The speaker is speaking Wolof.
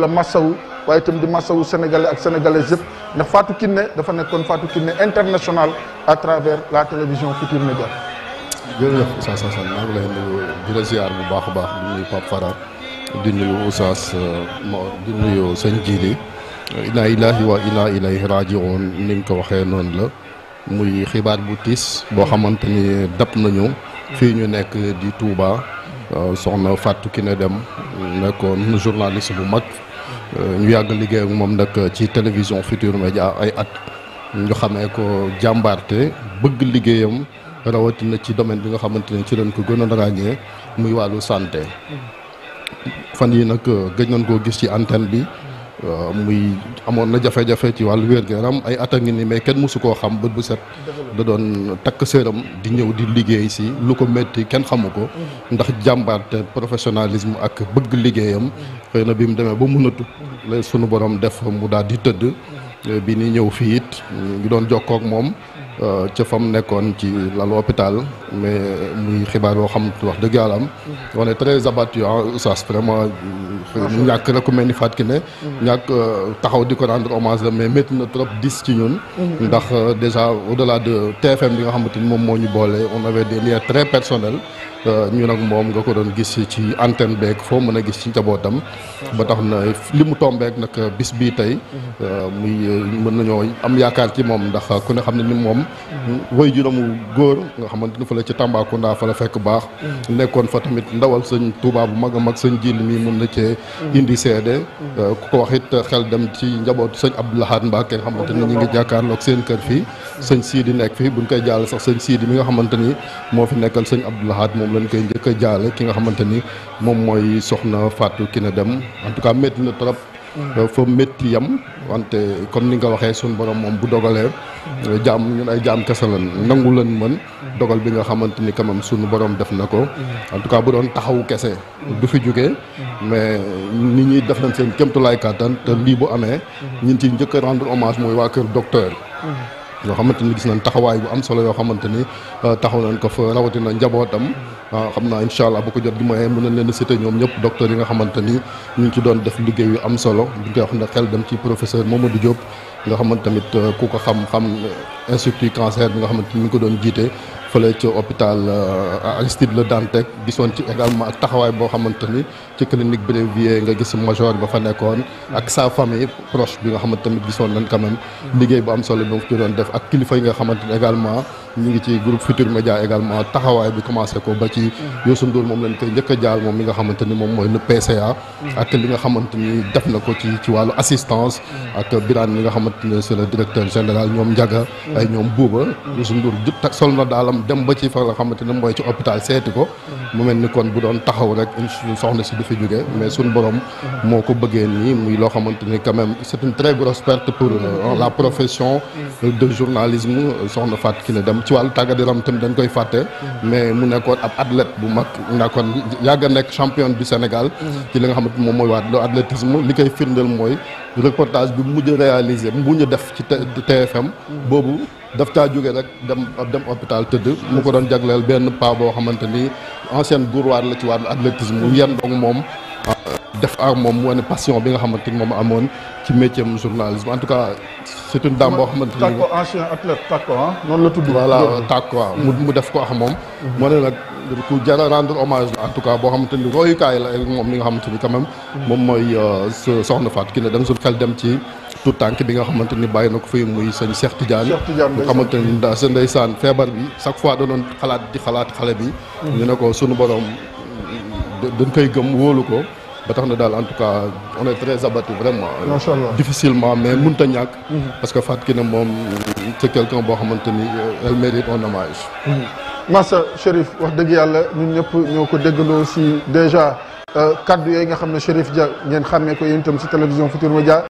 la Massaou, waaye tam di Massaou sénégalais ak sénégalaises yëpp ndax Fatou Kiné dafa nekkoon Fatou Kiné international à travers la télévision futur média jërëjëf sa Assane maa ngi lay nuyu di la ziar bu baax baax di nuyu Pape Farar di nuyu Oustaz euh, Mor di nuyu sëñ Jili inna ilahi wa inna ilayhi rajiun ni nga ko waxee noonu la muy xibaar bu tiss bo xamanteni ni nañu fi ñu nekk di Touba euh, soxna Fatou Kiné dem nekkoon journaliste bu mag ñu yàgg liggéey moom nag ci télévision Futur Média ay at ñu xamee ko jàmbaarte bëgg liggéeyam rawatina ci domaine bi nga xamante ne ci lañ ko gën a ràññee muy wàllu santé mm. fan yi nag gëj nañ koo gis ci antenne bi muy amoon na jafe-jafe ci wàllu wér-gu-yaram ay at a ngi ni mais kenn mosu koo xam bët bu set da doon takk séeram di ñëw di liggéey si lu ko métti kenn xamu ko ndax jàmbaarte professionnalisme ak bëgg liggéeyam xëy na bi mu demee ba mun mënatu la sunu borom def mu daal di tëdd bi ni ñëw fii it ngi doon jokkoo ak moom Euh, ca fam mu nekkoon ci lalu hôpital mais muy xibaar yoo xam wax dëgg yàlla am. Mm-hmm. on est très abattu ah hein, oustaz vraiment. ñu ñàkk rek ku mel ni Fatou ne. Mm-hmm. ñàkk euh, taxaw di ko rendre hommage la mais métti na trop dis ci ñun. Mm-hmm. ndax euh, déjà au delà de TFM bi nga xamante ni moom moo ñu boole on avait des liens très personnels. Euh, ñu nag moom nga ko doon gis ci antenne beeg foo mën a gis ci njabootam. ba tax na li mu tombeek nag bis bii tey. Euh, muy euh, mën nañoo am yaakaar ci moom ndax ku ne xam ne ni moom. woy juróomu góor nga xamante ni fa la ci Tambacounda fa la fekk baax. nekkoon fa ndawal sëñ Touba bu mag a mag sëñ Jil mi mën na cee. indi seede. ku ko wax it xel dem ci njabootu sëñ Abdou Lahad Mbacke nga xamante ni ñu ngi jàkkaarloog seen kër fii. sëñ Sidi nekk fii buñ koy jàll sax sëñ Sidi mi nga xamante ni moo fi nekkal sëñ Abdou Lahad moom moom lañ koy njëkk a jaale ki nga xamante ni moom mooy soxna Fatou Kiné Deme en tout cas métti na trop. Mm. fa métti yam wante comme ni nga waxee suñu borom moom bu dogalee. Mm. jaam ñun ay jaam kese lan nangu leen mën. Mm. dogal bi nga xamante ni quand même suñu borom def na ko. en tout bu doon taxawu kese. du fi jógee. mais ni ñuy def nañ seen kéemtulaay kàttan te lii bu amee. ñun ci njëkk a rendre hommage mooy waa kër docteur. yoo xamante ni gis nañ taxawaay bu am solo yoo xamante ni ah, taxaw nañ ko fa rawatina njabootam xam naa incha allah bu ko jot gi ma mën nañ leen a cité ñoom ñëpp docteur yi nga xamante ni ñu ci doon def liggéey am solo bu ñu nak ne xel dem ci professeur Momadou Diop nga xamante tamit ku ko xam xam institut cancer bi nga xamante ni ñu ko doon fële ci hôpital uh, Aristide Le Dantec gisoon ci également taxawaay boo xamante ni ci clinique bi vie nga gis major ba fa nekkoon ak sa famille proche bi nga xamante ni gisoon nañ quand même liggéey bu am solo bi mu ci doon def ak kilifa yi nga xamante ni également ñu ngi ci groupe futur média également taxawaay bi commencé ko ba ci Youssou Ndour moom lañ koy njëkk a jaar mi nga xamante ni moom mooy le PCA ak li nga xamante ni def na ko ci ci wàllu assistance ak biraan mi nga xamante ni c' le directeur général ñoom Ndiaga ay ñoom Bouba Youssou Ndour jot sol na daalam dem ba ci fa nga xamante ne mooy ci hôpital seeti ko mu mel ni kon bu doon taxaw rek soxna si du fi jóge mais suñ borom moo ko bëggee nii muy loo xamante ni quand même c'est une très grosse perte pour euh, la profession de soxna Fat Kiné Deme ci wàllu tàggat yaram tamit dañ koy fàtte mais mu nekkoon ab athlète bu mag nekkoon yàgg a nekk championne du Sénégal ci li nga xamante moom mooy waat athlétisme li koy firndeel mooy reportage bi mujj réalisé mu ñu def ci te TFM boobu daf caa jóge rek dem dem hôpital tëdd mu ko doon jagleel benn paa boo xamante ni ancienne góorwaar la ci wàllu athlétisme yenn doog moom def ak mom mu wane passion bi nga xamante mom amone ci métier journalisme en tout cas c'est une dame bo xamante ni. ancien athlète tàkko ah, non la tudd. voilà tàkko waaw mu def ko ak mom mhm. mu ne nag ku jar rendre hommage la en tout cas bo xamante roy kay la mom li nga xamante quand même. mom mhm. moy euh, soxna fat ki Kiné dem sul xel dem ci. tout tank bi nga xamante bayina ko fii muy sëñ Cheikh Tidiane nga xamante ni da sa ndeysaan feebar bi chaque fois da doon xalat di xalat xale bi mhm. ñu ne ko sunu borom dañ koy gëm wóolu ko ba tax na daal en tout cas on est très abattu vraiment. macha difficilement mais mënut a ñàkk. Mhm. parce que Fatou Kiné moom c' est quelqu' un boo xamante ni euh, elle mérite un hommage. Mhm. Massa Chérif wax deug yalla ñun ñep ñoko ko déggandoo si déjà euh, kaddu yooyu nga xamné ne ja Dia ngeen xàmmee ko yéen ci télévision Futur Médias.